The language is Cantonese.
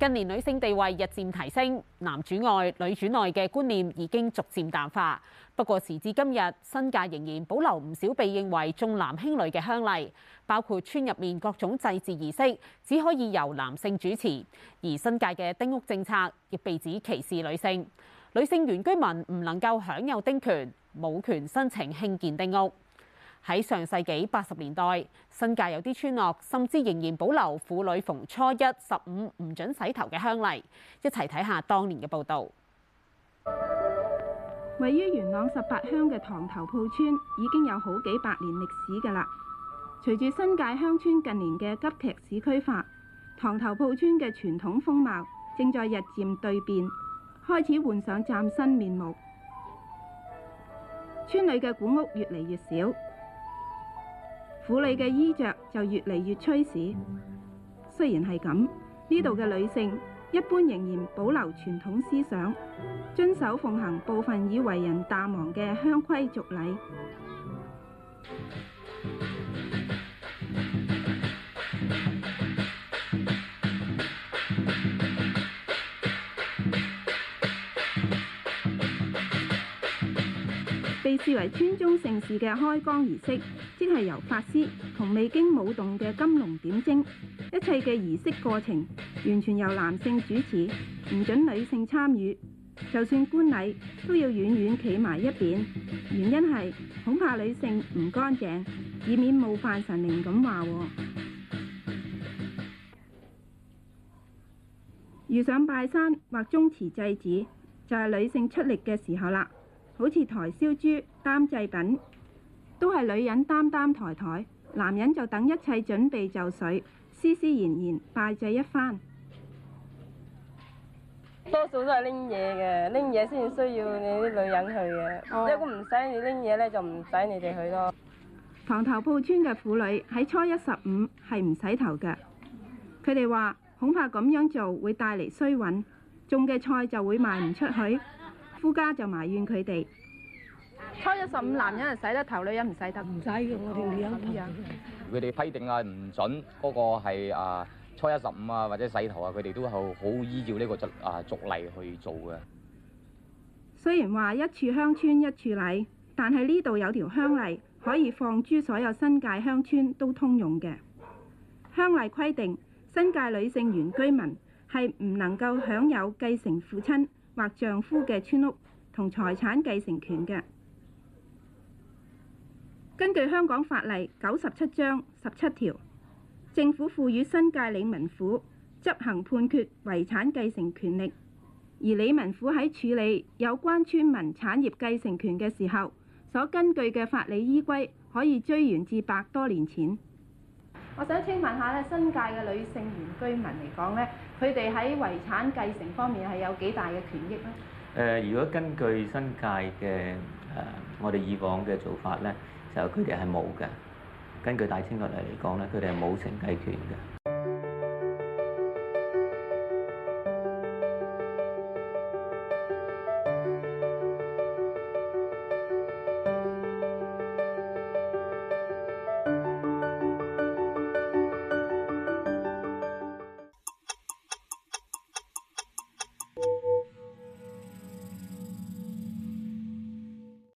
近年女性地位日漸提升，男主外女主內嘅觀念已經逐漸淡化。不過，時至今日，新界仍然保留唔少被認為重男輕女嘅鄉例，包括村入面各種祭祀儀式只可以由男性主持。而新界嘅丁屋政策亦被指歧視女性。女性原居民唔能夠享有丁權，冇權申請興建丁屋。喺上世紀八十年代，新界有啲村落甚至仍然保留婦女逢初一十五唔準洗頭嘅鄉例。一齊睇下當年嘅報導。位於元朗十八鄉嘅塘頭埔村已經有好幾百年歷史㗎啦。隨住新界鄉村近年嘅急劇市區化，塘頭埔村嘅傳統風貌正在日漸對變，開始換上嶄新面目。村裏嘅古屋越嚟越少。婦女嘅衣着就越嚟越趨時，雖然係咁，呢度嘅女性一般仍然保留傳統思想，遵守奉行部分已為人淡忘嘅鄉規俗禮，被視為村中盛事嘅開光儀式。即係由法師同未經舞動嘅金龍點睛，一切嘅儀式過程完全由男性主持，唔准女性參與。就算觀禮都要遠遠企埋一邊，原因係恐怕女性唔乾淨，以免冒犯神靈。咁話喎，遇上拜山或宗祠祭祀，就係、是、女性出力嘅時候啦。好似抬燒豬擔祭品。都係女人擔擔抬抬，男人就等一切準備就緒，斯斯然然拜祭一番。多數都係拎嘢嘅，拎嘢先至需要你啲女人去嘅。如果唔使你拎嘢咧，就唔使你哋去咯。塘頭埔村嘅婦女喺初一十五係唔洗頭嘅，佢哋話恐怕咁樣做會帶嚟衰運，種嘅菜就會賣唔出去，夫家就埋怨佢哋。初一十五，男人係洗得頭，女人唔使得，唔洗嘅，我哋女人樣。佢哋批定啊，唔准嗰個係啊初一十五啊或者洗頭啊，佢哋都係好依照呢個啊俗例去做嘅。雖然話一處鄉村一處例，但係呢度有條鄉例可以放諸所有新界鄉村都通用嘅鄉例規定：新界女性原居民係唔能夠享有繼承父親或丈夫嘅村屋同財產繼承權嘅。根據香港法例九十七章十七條，政府賦予新界理民府執行判決遺產繼承權力。而理民府喺處理有關村民產業繼承權嘅時候，所根據嘅法理依歸可以追源至百多年前。我想請問下咧，新界嘅女性原居民嚟講咧，佢哋喺遺產繼承方面係有幾大嘅權益咧？誒、呃，如果根據新界嘅、呃、我哋以往嘅做法咧。就佢哋係冇嘅，根據大清律例嚟講咧，佢哋係冇承繼權嘅。